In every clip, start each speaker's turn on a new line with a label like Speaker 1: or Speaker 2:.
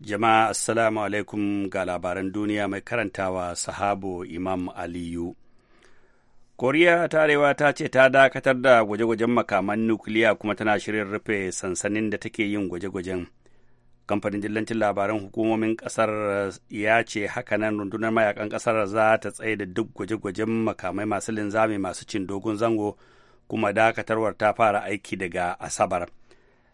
Speaker 1: Jama'a Assalamu alaikum ga labaran duniya mai karantawa sahabo Imam Aliyu. Koriya ta Arewa ta ce ta dakatar da gwaje-gwajen makaman nukiliya kuma tana shirin rufe sansanin da take yin gwaje-gwajen. Kamfanin dillancin labaran hukumomin kasar ya ce hakanan rundunar mayakan kasar za ta tsaye da duk gwaje-gwajen makamai masu linzami masu cin dogon zango kuma dakatarwar ta fara aiki daga Asabar.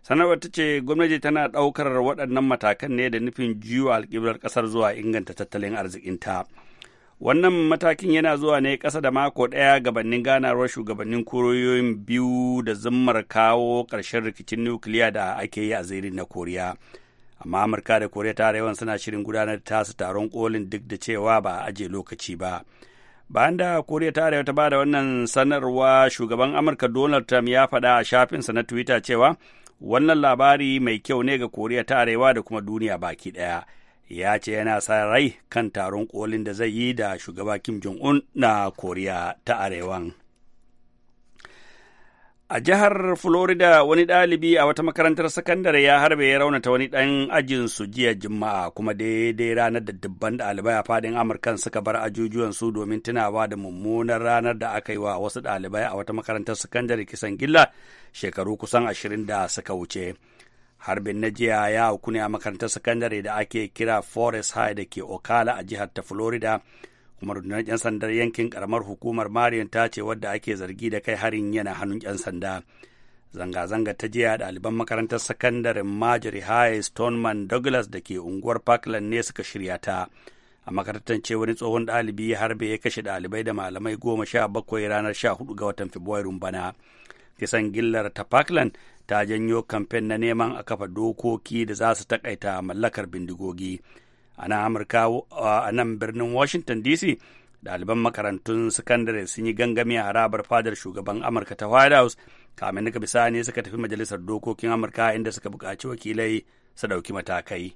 Speaker 1: sanarwar ta ce gwamnati tana ɗaukar waɗannan matakan ne da nufin jiwa alƙiblar ƙasar zuwa inganta tattalin arzikinta wannan matakin yana zuwa ne ƙasa da mako ɗaya gabanin ganawar shugabannin kuriyoyin biyu da zummar kawo ƙarshen rikicin nukiliya da ake yi a zirin na koriya amma amurka da koriya ta arewan suna shirin gudanar tasu taron kolin duk da cewa ba a aje lokaci ba bayan da koriya ta arewa ta ba wannan sanarwa shugaban amurka donald trump ya faɗa a shafinsa na twitter cewa wannan labari mai kyau ne ga koriya ta arewa da kuma duniya baki ɗaya ya ce yana sa rai kan taron kolin da zai yi da shugaba kim jong-un na koriya ta arewan. A jihar Florida wani ɗalibi a wata makarantar sakandare ya harbe ya raunata wani ɗan ajinsu jiya Juma'a kuma daidai ranar da dubban ɗalibai a fadin Amurka suka bar ajujuwan su domin tunawa da mummunar ranar da aka yi wa wasu ɗalibai a wata makarantar sakandare kisan gilla shekaru kusan ashirin da suka wuce. Harbin na jiya ya auku ne a makarantar sakandare da ake kira Forest High da ke Okala a jihar ta Florida. kuma rundunar 'yan sandar yankin karamar hukumar mariyan ta ce wadda ake zargi da kai harin yana hannun 'yan sanda zanga-zanga ta jiya ɗaliban makarantar sakandaren marjorie high stoneman douglas da ke unguwar parkland ne suka shirya ta a makarantar ce wani tsohon ɗalibi harbe ya kashe ɗalibai da malamai goma sha bakwai ranar sha hudu ga watan fabrairun bana kisan gillar ta parkland ta janyo kamfen na neman a kafa dokoki da za su takaita mallakar bindigogi a nan amurka a nan birnin washington dc ɗaliban makarantun sakandare sun yi gangami a harabar fadar shugaban amurka ta white house kamin bisa bisani suka tafi majalisar dokokin amurka inda suka buƙaci wakilai su ɗauki matakai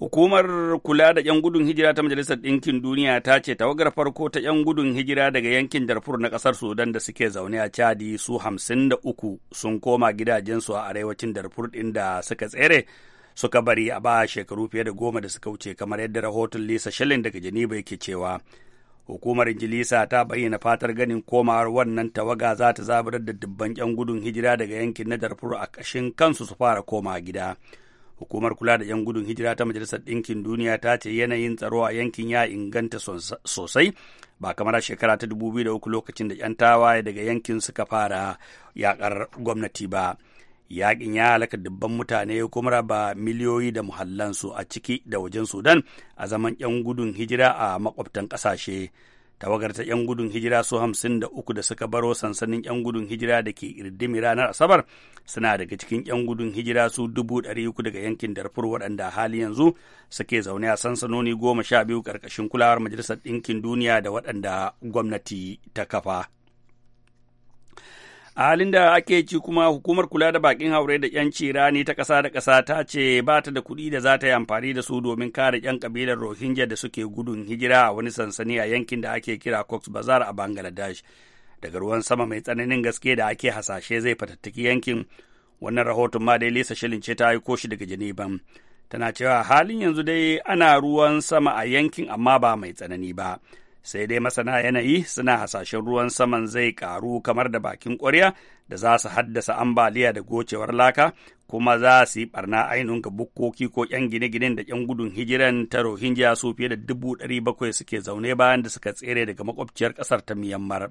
Speaker 1: Hukumar kula da 'yan gudun hijira ta Majalisar Ɗinkin Duniya ta ce tawagar farko ta 'yan gudun hijira daga yankin Darfur na ƙasar Sudan da suke zaune a Chadi su hamsin da uku sun koma gidajensu a arewacin Darfur ɗin da suka tsere suka bari a ba shekaru fiye da goma da suka wuce kamar yadda rahoton Lisa Shalin daga Janiba yake cewa. Hukumar Injilisa ta bayyana fatar ganin komawar wannan tawaga za ta zaburar da dubban 'yan gudun hijira daga yankin na Darfur a kashin kansu su fara koma gida. Hukumar kula da 'yan gudun hijira ta Majalisar Ɗinkin Duniya ta ce yanayin tsaro a yankin ya inganta sosai ba kamar shekara ta da uku lokacin da 'yan tawaye daga yankin suka fara yakar gwamnati ba. yaƙin ya halaka dubban mutane kuma raba miliyoyi da muhallansu a ciki da wajen sudan a zaman 'yan gudun hijira a makwabtan ƙasashe tawagar ta 'yan gudun hijira su hamsin da uku da suka baro sansanin 'yan gudun hijira da ke irdimi ranar asabar suna daga cikin 'yan gudun hijira su dubu ɗari uku daga yankin darfur waɗanda hali yanzu suke zaune a sansanoni goma sha biyu ƙarƙashin kulawar majalisar ɗinkin duniya da waɗanda gwamnati ta kafa A halin da ake ci kuma hukumar kula da bakin haure da cira rani ta ƙasa da ƙasa ta ce ba ta da kuɗi da za ta yi amfani da su domin kare ‘yan kabilar Rohingya da suke gudun hijira a wani sansani a yankin da ake kira Cox Bazar a Bangladesh. Daga ruwan sama mai tsananin gaske da ake hasashe zai fatattaki yankin. Wannan rahoton ma dai Lisa Shilin ce ta aiko shi daga geneva Tana cewa halin yanzu dai ana ruwan sama a yankin amma ba mai tsanani ba. sai dai masana yanayi suna hasashen ruwan saman zai karu kamar da bakin ƙwarya da za su haddasa ambaliya da gocewar laka kuma za su yi barna ainihin ga bukkoki ko yan gine-ginen da yan gudun hijiran ta rohingya su fiye da dubu ɗari bakwai suke zaune bayan da suka tsere daga makwabciyar ƙasar ta myanmar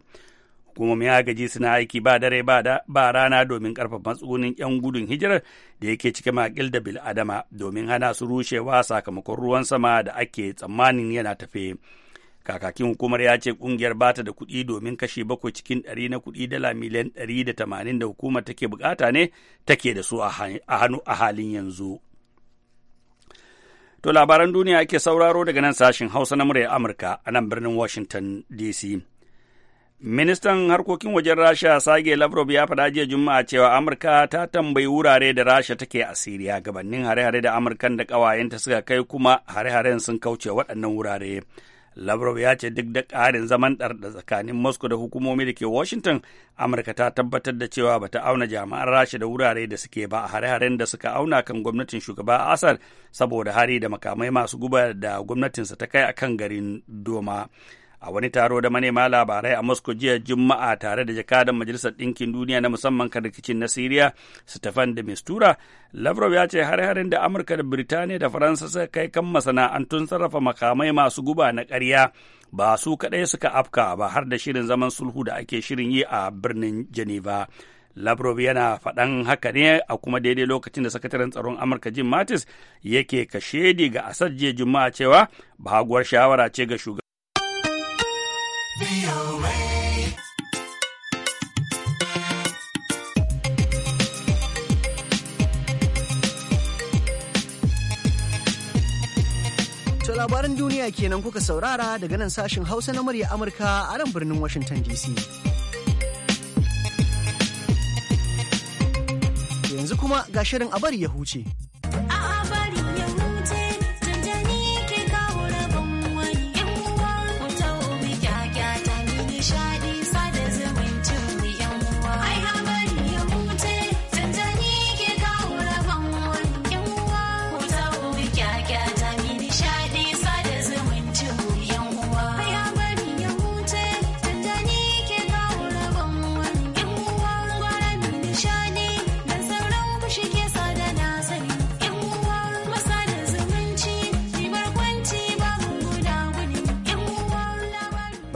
Speaker 1: hukumomin agaji suna aiki ba dare ba rana domin ƙarfafa matsugunin 'yan gudun hijirar da yake cike makil da bil'adama domin hana su rushewa sakamakon ruwan sama da ake tsammanin yana tafe. kakakin hukumar ya ce kungiyar bata da kuɗi domin kashe bakwai cikin ɗari na kuɗi dala miliyan ɗari da tamanin da hukumar take bukata ne take da su a hannu a halin yanzu. To labaran duniya ake sauraro daga nan sashen Hausa na murya Amurka a nan birnin Washington DC. Ministan harkokin wajen Rasha Sage Lavrov ya faɗa jiya Juma'a cewa Amurka ta tambayi wurare da Rasha take a Siriya gabanin hare-hare da Amurkan da ƙawayenta suka kai kuma hare-haren sun kauce waɗannan wurare. Lavrov ya ce duk da karin zaman da tsakanin Moscow da hukumomi da ke Washington, Amurka ta tabbatar da cewa bata auna jami'an Rasha da wurare da suke ba a hare-haren da suka auna kan gwamnatin shugaba Assad saboda hari da makamai masu guba da gwamnatinsa ta kai a kan garin Doma. a wani taro da manema labarai a Moscow jiya Juma'a tare da jakadan Majalisar Ɗinkin Duniya na musamman kan rikicin na Siriya, Stefan de Mistura, Lavrov ya ce har-harin da Amurka da Birtaniya da Faransa suka kai kan masana'antun sarrafa makamai masu guba na ƙarya ba su kaɗai suka afka ba har da shirin zaman sulhu da ake shirin yi a birnin Geneva. Lavrov yana faɗan haka ne a kuma daidai lokacin da sakataren tsaron Amurka Jim Mattis yake kashedi ga asad jiya Juma'a cewa baguwar shawara ce ga shugaban
Speaker 2: To
Speaker 3: labaran duniya kenan kuka saurara daga nan sashen Hausa na murya Amurka a nan birnin Washington DC. Yanzu kuma ga shirin a bari ya huce. A'a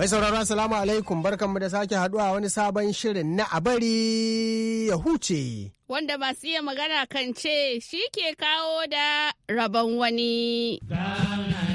Speaker 3: Mai sauraro Assalamu alaikum barkanmu da sake haduwa wani sabon shirin na abari ya huce.
Speaker 4: Wanda masu iya magana kan ce shi ke kawo da rabon wani.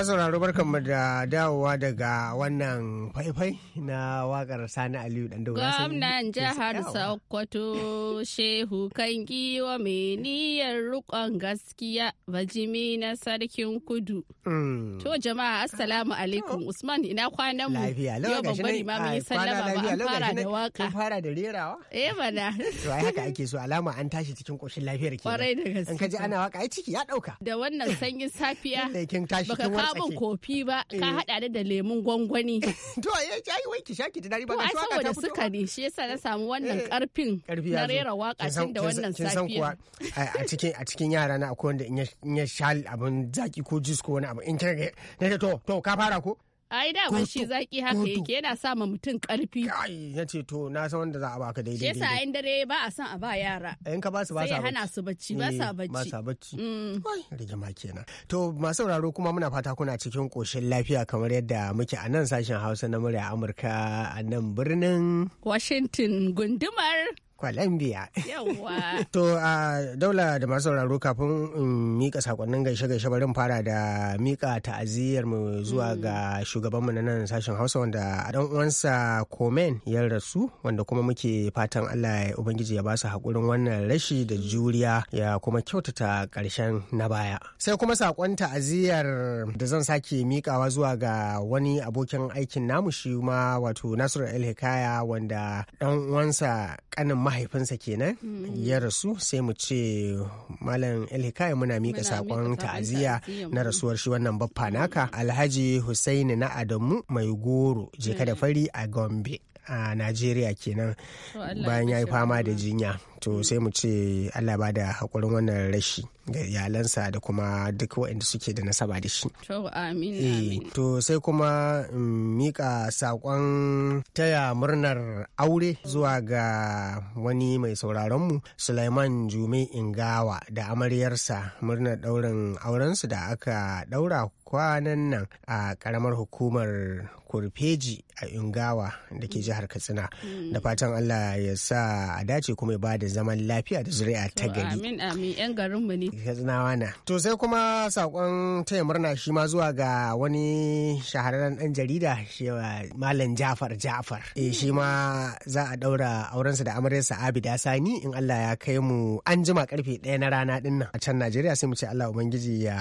Speaker 3: masu sauraro barkanmu da dawowa daga wannan faifai na wakar Sani Aliyu dan Daura. Gwamnan jihar
Speaker 4: Sokoto Shehu kan giwa mai niyyar rukon gaskiya bajimi na sarkin kudu. Mm. To jama'a assalamu alaikum Usman ina kwanan mu. yau babban ga mun yi sallama ba an fara da waka. an fara da rerawa? Eh bana. To ai haka
Speaker 3: ake so alama an tashi cikin koshin lafiyar ke. Kwarai da gaske. An kaji ana waka
Speaker 4: ai ciki ya dauka. Da wannan sanyin safiya.
Speaker 3: Baka kabin
Speaker 4: kofi ba ka eh. hada da lemun gwangwani.
Speaker 3: To ya ai wai ki shaki tunani ba ga waka ta fito. suka
Speaker 4: ne shi yasa na samu wannan karfin eh, na rera waka tun da wannan safiya.
Speaker 3: a cikin a cikin yara na akwai wanda in ya shal abun zaki ko jus ko wani abu in kira ne to to ka fara ko
Speaker 4: ai da ban shi zaki haka yake yana sa ma mutum
Speaker 3: karfi kai ya ce to na san wanda za a baka daidai shi yasa
Speaker 4: in dare ba a san a ba yara
Speaker 3: eh, in ka ba su ba sa hana su bacci ba sa eh, bacci ba sa bacci mm. ma kenan to masu sauraro kuma muna fata kuna cikin koshin lafiya kamar yadda muke a nan sashen Hausa na murya Amurka a nan birnin
Speaker 4: Washington gundumar
Speaker 3: Colombia.
Speaker 4: Yawwa.
Speaker 3: to a daula da masu sauraro kafin in mika sakonnin gaishe-gaishe bari fara da mika ta'aziyyar mu zuwa mm. ga shugaban mu na nan sashen Hausa wanda a dan uwansa Komen ya rasu wanda kuma muke fatan Allah ya ubangiji ya ba su hakurin wannan rashi da juriya ya kuma kyautata karshen na baya. Sai kuma sakon ta'aziyyar da zan sake mikawa zuwa ga wani abokin aikin namu shi ma wato Nasiru El Hikaya wanda dan uwansa kanin mahaifinsa kenan mm. ya rasu sai mu ce malam ilhikaya muna mika sakon ta'aziyya na rasuwar shi wannan baffa naka mm. alhaji husaini na adamu mai goro jeka da mm. fari a gombe a najeriya kenan
Speaker 5: bayan ya yi fama
Speaker 3: da jinya to sai mu ce Allah ba da haƙurin wannan rashi ga iyalansa da kuma duk waɗanda suke da nasaba da shi.
Speaker 4: To amin. Eh,
Speaker 3: to sai kuma mm, mika saƙon taya murnar aure zuwa ga wani mai sauraron sauraronmu Sulaiman Jume Ingawa da amaryarsa murnar ɗaurin aurensu da aka ɗaura kwanan nan a karamar hukumar kurfeji a ingawa da ke jihar katsina da mm. fatan allah ya sa a dace kuma ya ba da zaman lafiya da zuri'a ta gari.
Speaker 4: Amin amin yan garinmu ne.
Speaker 3: Katsinawa na. To sai kuma sakon taya murna shi ma zuwa ga wani shahararren ɗan jarida shewa uh, Malam Jafar Jafar. Eh shi ma za a auren aurensa da amaryarsa Abida Sani in Allah ya kai mu an jima karfe ɗaya na rana din nan a can Najeriya sai mu ce Allah ubangiji ya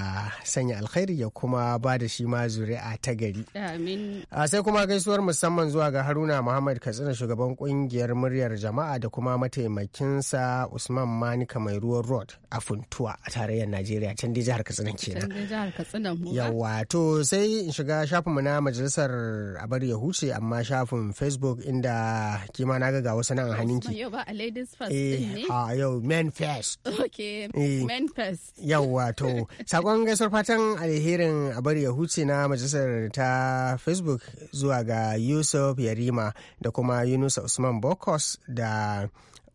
Speaker 3: sanya alkhairi ya kuma ba da shi ma zuri'a ta gari. Amin. sai kuma gaisuwar musamman zuwa ga Haruna Muhammad Katsina shugaban ƙungiyar muryar jama'a da kuma mataimakin sunansa usman Mani mai ruwan road a funtuwa a tarayyar najeriya can dai jihar katsina
Speaker 4: kenan
Speaker 3: Yawwa to sai in shiga shafin mu na majalisar a bari ya huce amma shafin facebook inda kima na ga wasu nan a hannunki yau
Speaker 4: ba a ladies first eh, ne a ah,
Speaker 3: yau men first
Speaker 4: okay eh. men first
Speaker 3: yawa to sakon gaisuwar fatan alherin a bari ya huce na majalisar ta facebook zuwa ga yusuf yarima da kuma yunusa usman bokos da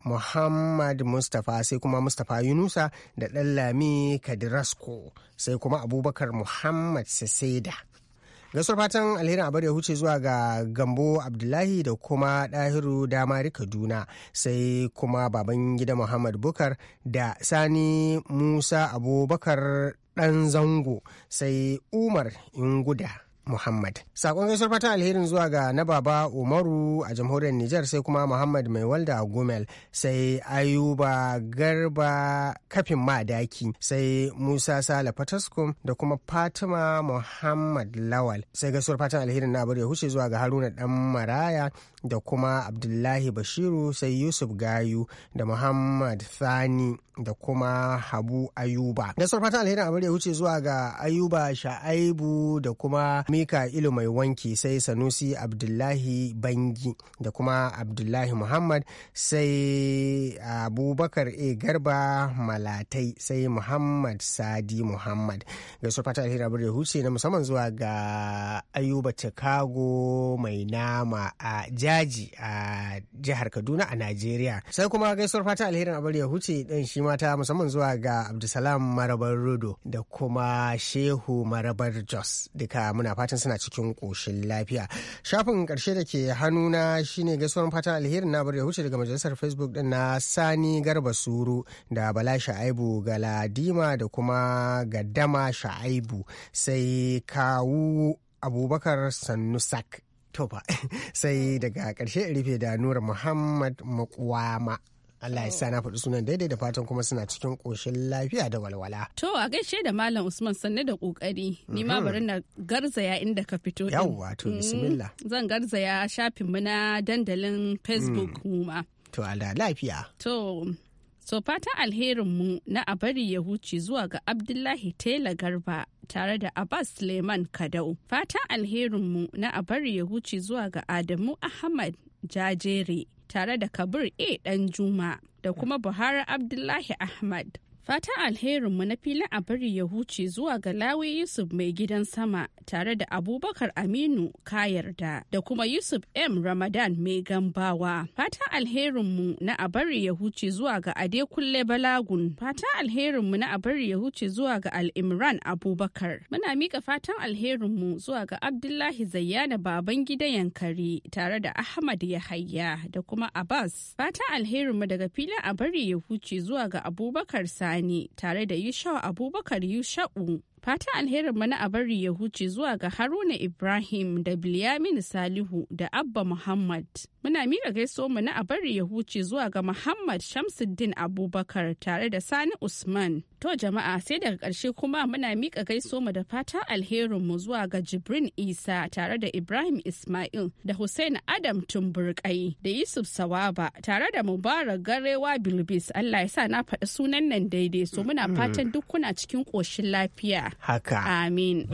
Speaker 3: muhammad mustapha sai kuma mustapha yunusa da ɗan kadirasko sai kuma abubakar muhammad saseda gasar fatan alherin abar ya huce zuwa ga gambo abdullahi da kuma dahiru damari kaduna sai kuma baban gida muhammad bukar da sani musa abubakar ɗan zango sai umar inguda Muhammad. Sakon gaisuwar fatan alherin zuwa ga na baba Umaru a jamhuriyar Nijar sai kuma Muhammad Mai Walda a Gomel sai Ayuba Garba Kafin Madaki sai Musa Sala Fataskum da kuma Fatima Muhammad Lawal. Sai gaisuwar fatan alherin na bari ya huce zuwa ga Haruna Dan Maraya da kuma abdullahi bashiru sai yusuf gayu da muhammad Sani. da kuma habu ayuba da fatan alheri a ya wuce zuwa ga ayuba sha'aibu da kuma mika ilu mai wanki sai sanusi abdullahi bangi da kuma abdullahi muhammad sai abubakar e garba malatai sai muhammad sadi muhammad da fatan alherin a ya wuce na musamman zuwa ga ayuba chicago mai nama a jihar daji a jihar Kaduna a nigeria Sai kuma gaisuwar fata alherin abar ya huce din shi mata musamman zuwa ga Abdulsalam Marabar rudo da kuma Shehu Marabar Jos duka muna fatan suna cikin koshin lafiya. Shafin karshe da ke hannuna shine gaisuwar fata alherin na abar ya huce daga majalisar Facebook din na Sani Garba Suru da Bala Sha'aibu Galadima da kuma gadama Sha'aibu sai kawu Abubakar Sannusak tofa sai daga ƙarshe rufe da nura muhammad makwama Allah ya sa na faɗi sunan daidai da fatan kuma suna cikin ƙoshin lafiya da walwala.
Speaker 4: To a gaishe da Malam Usman sanne da ƙoƙari, ni ma mhm. bari na garzaya inda ka fito. Yawwa to mm, bismillah. Zan garzaya shafin mu na dandalin Facebook mm. mu ma.
Speaker 3: To Allah lafiya.
Speaker 4: To So fatan alherinmu na a bari ya huce zuwa ga Abdullahi Tela Garba tare da Abbas Suleiman Kadau. Fatan alherinmu na a bari ya huce zuwa ga Adamu Ahmad Jajere tare da Kabir A. Danjuma da kuma Buhari Abdullahi Ahmad. Fata alherinmu na filin a bari ya huce zuwa ga Lawi Yusuf mai gidan sama tare da Abubakar Aminu Kayarda da kuma Yusuf M. Ramadan mai gambawa. Fata alherinmu na a bari ya huce zuwa ga Adekulle Balagun. Fata alherinmu na a bari ya huce zuwa ga Al'imran Abubakar. Muna mika fatan alherinmu zuwa ga Abdullahi Zayyana baban gidan Yankari tare da Ahmad Yahaya da kuma Abbas. Fata alherinmu daga filin a bari ya huce zuwa ga Abubakar Sani. Sani tare da Yushau Abubakar Yushau. Fata alherin mana a bari ya huce zuwa ga Haruna Ibrahim da Bilyamin Salihu da Abba Muhammad. Muna mira mu na abari ya huce zuwa ga Muhammad Shamsuddin Abubakar tare da Sani Usman. To jama'a sai daga ƙarshe kuma muna miƙa mu da fata alherin mu zuwa ga Jibrin Isa tare da Ibrahim Ismail da Hussein Adam Tumburkai da Yusuf Sawaba tare da Mubarak Garewa Bilbis Allah ya sa na faɗi sunan nan daidai so muna fatan duk kuna cikin ƙoshin lafiya. Haka. Amin.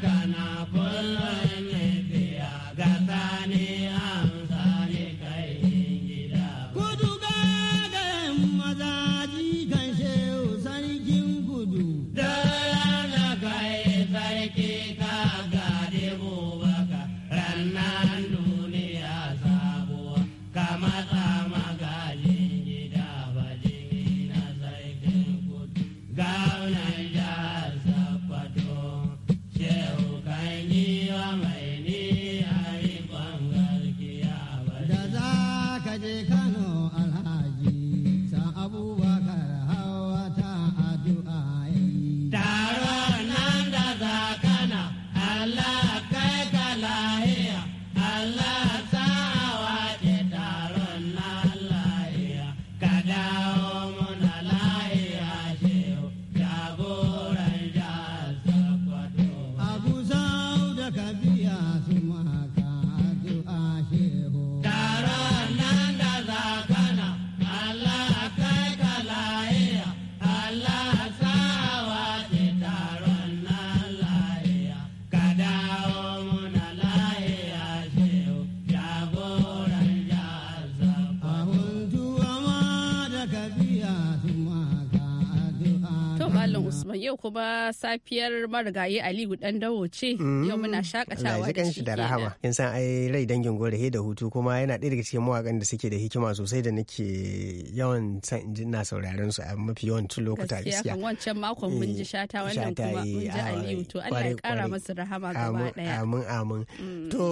Speaker 5: gana
Speaker 4: kuma safiyar marigayi Aliyu dan dawo ce mm. yau muna shakatawa da shi da rahama
Speaker 3: kin san ai rai dangin gore da hutu kuma yana ɗaya daga cikin mawakan da suke da hikima sosai da nake yawan san in ji na sauraron su a mafi tun lokuta gaskiya kan
Speaker 4: wancan makon mun ji eh, shata wannan kuma mun ji Aliyu to Allah ya kara masa rahama gaba daya
Speaker 3: amin amin mm. to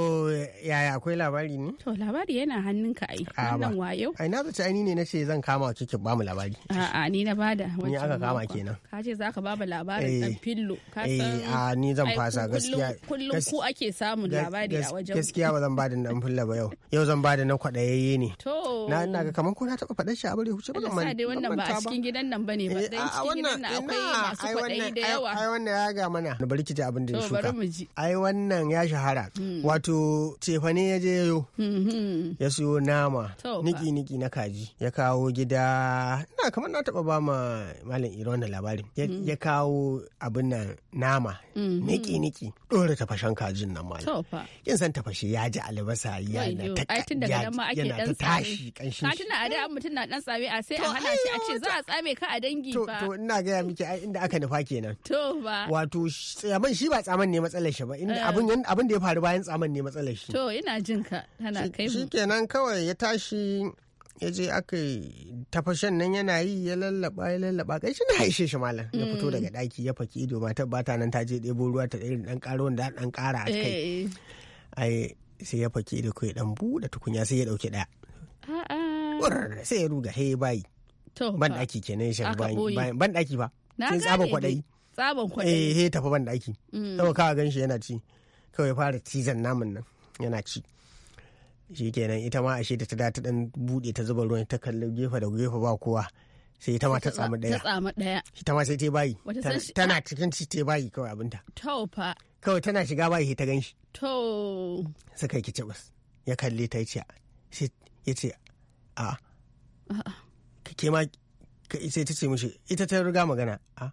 Speaker 3: yaya akwai labari ne
Speaker 4: to labari yana hannunka ai wannan wayo
Speaker 3: ai na zaci ai ne nace zan kama ki ba mu labari
Speaker 4: a'a ni na bada wancan aka kama kenan ka ce ka ba mu labari labarin eh, dan fillo ka eh, san a ni zan fasa gaskiya kullum ku ake samun labari a wajen gaskiya ba zan
Speaker 3: bada dan fillo ba yau yau zan bada na kwadayayye ne
Speaker 4: to na ina ga
Speaker 3: kamar ko na taba faɗar shi a bare huce ba man sai dai wannan ba a
Speaker 4: cikin gidan nan bane ba eh, dai cikin gidan nan akwai masu kwadayi da yawa ai wannan
Speaker 3: ya ga mana na bari ki ji abin da ya shuka ai wannan ya shahara hmm. wato cefane ya je yo hmm, hmm. ya siyo nama niki niki na kaji ya kawo gida na kamar na taba ba ma malam Irona labarin ya kawo kawo abin nan nama mhm. niki niki dora tafashen kajin nan malam kin san tafashe ya ji albasa ya na ta yana ta tashi kanshi ka tuna
Speaker 4: a da mutum na dan tsami a sai a hana shi a ce za a tsame ka a dangi fa to
Speaker 3: ina gaya miki ai inda aka nufa kenan
Speaker 4: to ba
Speaker 3: wato tsaman shi ba tsaman ne matsalar shi ba inda eh. abin abin da ya faru bayan tsaman ne matsalar shi
Speaker 4: to ina jin ka kana kai shi
Speaker 3: kenan kawai ya tashi ya je aka tafashen nan yana yi ya lallaba ya lallaba kai shi na haishe shi malam ya fito mm. daga daki ya faki ido ba bata nan ta je ɗebo ruwa ta irin dan ƙara wanda dan ƙara a kai eh, eh. ai sai ya faki ido kai dan buɗe tukunya sai ya ɗauki
Speaker 4: ɗaya
Speaker 3: sai ya ruga he bayi ban daki kenan shi ban ban daki ba sai tsaba kwadai
Speaker 4: tsaban kwadai eh he tafi
Speaker 3: ban daki mm. saboda ganin ganshi yana ci kawai fara tizan namun nan yana ci Shi kenan ita ma ashe da ta da ta dan bude ta zuba ruwan ta kalli gefe da gefe ba kowa sai ita ma ta tsamu daya ta tsamu daya ita ma sai ta bayi tana cikin ci ta bayi kawai abinta to fa kawai tana shiga bayi ta ganshi to suka yi kice bas ya kalle ta yace sai yace a ke ma sai ta ce mishi ita ta riga magana a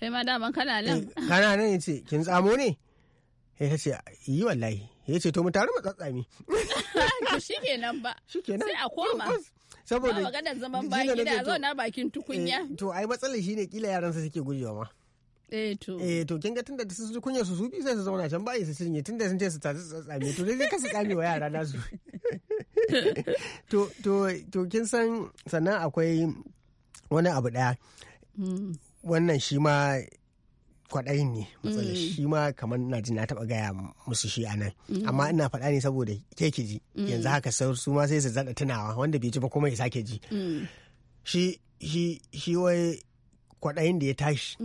Speaker 4: kai ma daman kana nan
Speaker 3: eh, kana nan yace kin tsamo ne sai ta ce yi wallahi yace to mu tare mu tsatsami
Speaker 4: to shikenan ba shikenan sai a koma
Speaker 3: saboda maganar zaman bayan gida zauna bakin
Speaker 4: tukunya eh,
Speaker 3: to ai matsalar shine kila yaran su suke gujewa ma Eh to. Eh, kin ga tunda sun ji kunya su su bi sai su zauna can bayi su cinye tunda sun ce su tsatsi tsatsame to dai kasu tsame wa yara nasu. to to to kin san sannan akwai wani abu daya. Hmm. Wannan shi ma kwaɗayin ne matsalar mm. shi ma kamar na ji na taɓa gaya musu shi a nan mm. amma ina faɗa ne saboda keke ji mm. yanzu haka su ma sai su zaɗa tunawa wanda bai ji ba kuma ya sake ji shi shi shi wai kwaɗayin da ya tashi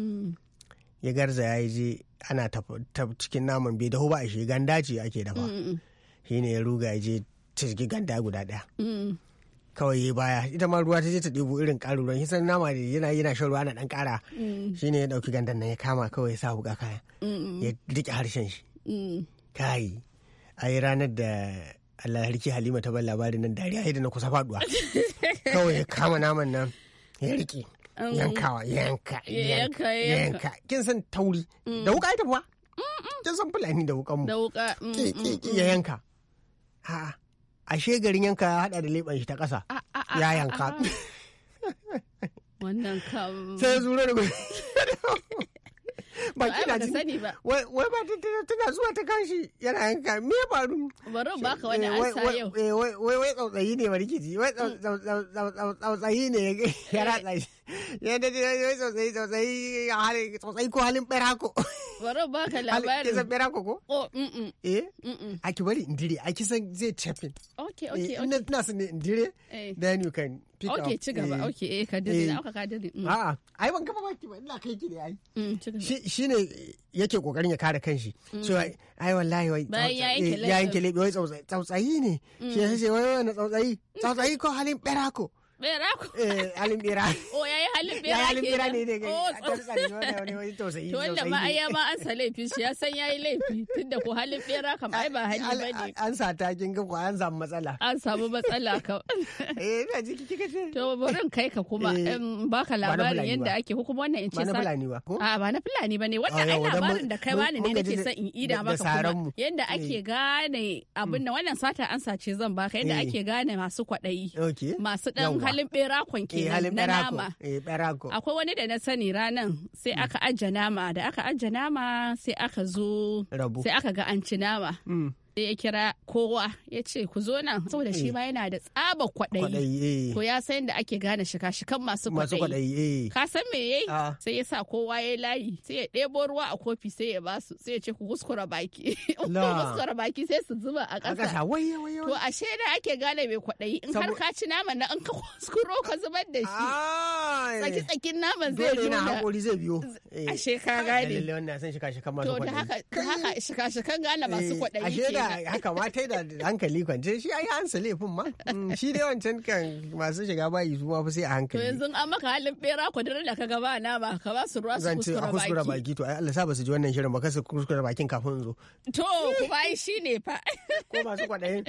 Speaker 3: ya garza ya yi je ana ta cikin naman bai dahu ba a shi ganda ce ake dafa shi ne ya ruga ya je cizgi ganda guda ɗaya kawai ya baya ita ma ruwa ta je ta ɗebo irin ƙarin hisan nama da yana yana shan ruwa na ɗan ƙara mm. Shi ne ya ɗauki gandan nan ya kama kawai ya sa wuƙa kaya ya riƙe harshen shi mm. kai a yi ranar da Allah harki Halima ta bar labarin nan dariya da na kusa faduwa kawai ya kama naman nan ya riƙe yankawa yanka yanka yanka kin san tauri mm. da wuƙa ita ba kin san fulani da wuƙan mu da wuƙa ya yanka a'a ashe garin yanka ya hada da leban shi ta kasa ya yanka wannan kam sai zuwa da baki na ji wai ba tana zuwa ta kashi yana yanka me faru bari ba ka wani eh, ansa yau eh, wai wai tsautsayi ne ba rikici wai mm. tsautsayi ne ya eh. ratsa shi yadda da wai tsautsayi tsautsayi hali tsautsayi ko halin bera ko oh, bari ba ka labarin kisan bera ko ko eh a ki bari indire a kisan zai chafin okay okay okay ina tana su ne indire da ni kan pick okay, up ci gaba eh, okay eh kadiri eh. na aka kadiri mm. a'a ai ban gaba baki ba ina kai ki ne ai mm, shi ne yake kokarin ya kare kanshi mm. So, ai wallahi wai ya yanke eh, lebe wai tsautsayi ne shi ya sai wai wai na tsautsayi tsautsayi ko halin ko. halin bera o
Speaker 4: yayi halin halin bera ne oh, to wanda an sa ya laifi ko halin bera ba
Speaker 3: ta kin ko an samu matsala
Speaker 4: an samu matsala kam eh ina ji kike kace to kai ka kuma eh, baka labarin yanda ake wannan in ce sa a ah, ba na fulani bane wannan oh, ai labarin da kai bani ne nake son in ida kuma yanda eh. ake gane abin nan mm. wannan sata an sace zan baka yanda eh. ake gane masu kwadayi masu dan halin berakon eh, ke na nama
Speaker 3: eh, akwai
Speaker 4: wani da na sani ranan sai mm. aka ajiye nama da aka ajiye nama sai aka zo sai aka ga an ci nama mm. ya kira kowa ya ce ku zo nan saboda shi eh. ma yana da tsaba kwaɗayi eh. to ya san da ake gane shika shikan masu
Speaker 3: kwaɗayi eh.
Speaker 4: ka san me yayi ah. sai ya sa kowa ya layi sai ya ɗebo ruwa a kofi sai ya basu sai ya ce ku kuskura baki kuskura baki sai su zuba a ƙasa to ashe da ake gane mai kwaɗayi in har ka ci naman na in ka kuskuro ka zubar da shi tsaki tsakin naman zai juna hakuri
Speaker 3: zai biyo ashe ka gane to da
Speaker 4: haka shika shikan gane masu kwaɗayi haka
Speaker 3: ma ta da hankali kwance shi ai yi sa laifin ma mm, shi dai wancan kan masu shiga bayi su ma fi sai a hankali to yanzu
Speaker 4: an maka halin bera ku da ka gaba na ba ka ba su ruwa su kuskura baki kuskura baki
Speaker 3: to ai Allah sa ba su ji wannan shirin ba ka su kuskura bakin kafin zo
Speaker 4: to kuma ai shine fa ko masu kwadayin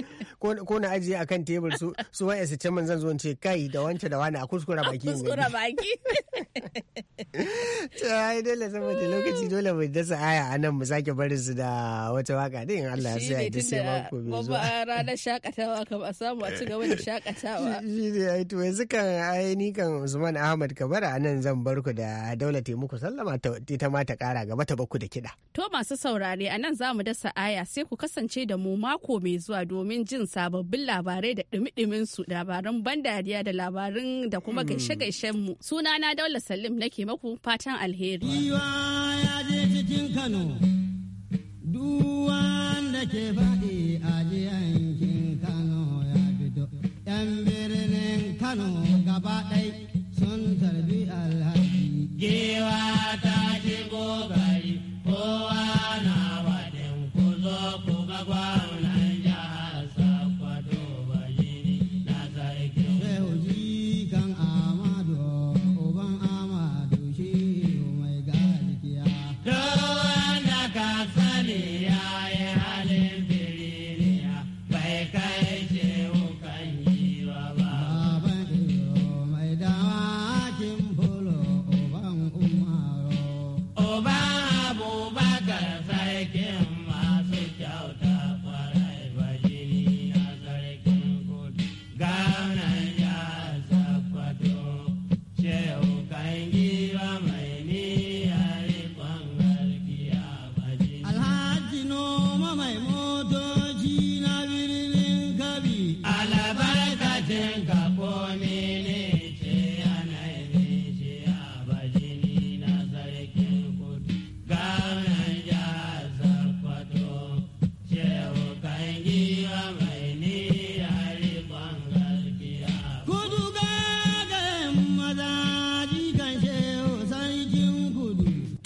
Speaker 3: ko na ajiye akan tebur su su waye su ce min zan zo in ce kai da wancan da wani a kuskura baki kuskura baki to ai dole saboda lokaci dole mu dasa aya anan mu sake barin su da wata waka din Allah ya sa ai tun da babba
Speaker 4: ranar shakatawa kam a samu a ci gaba da eh. shakatawa
Speaker 3: shi ne ai kan ni kan Usman Ahmad kamar a nan zan bar ku da Daula muku Sallama ita ma ta kara gaba ta bakku da kiɗa
Speaker 4: to masu saurare a nan za mu dasa aya sai ku kasance da mu mako mai zuwa domin jin sababbin labarai da dumi su labaran ban dariya da labarin da kuma hmm. gaishe-gaishen mu sunana Daula Salim nake maku fatan alheri
Speaker 2: Kano. Duwa nake faɗi a jiyankin Kano ya fito. ‘Yan birnin Kano gaba ɗai sun tarbi alhaji. Gewa ta shigo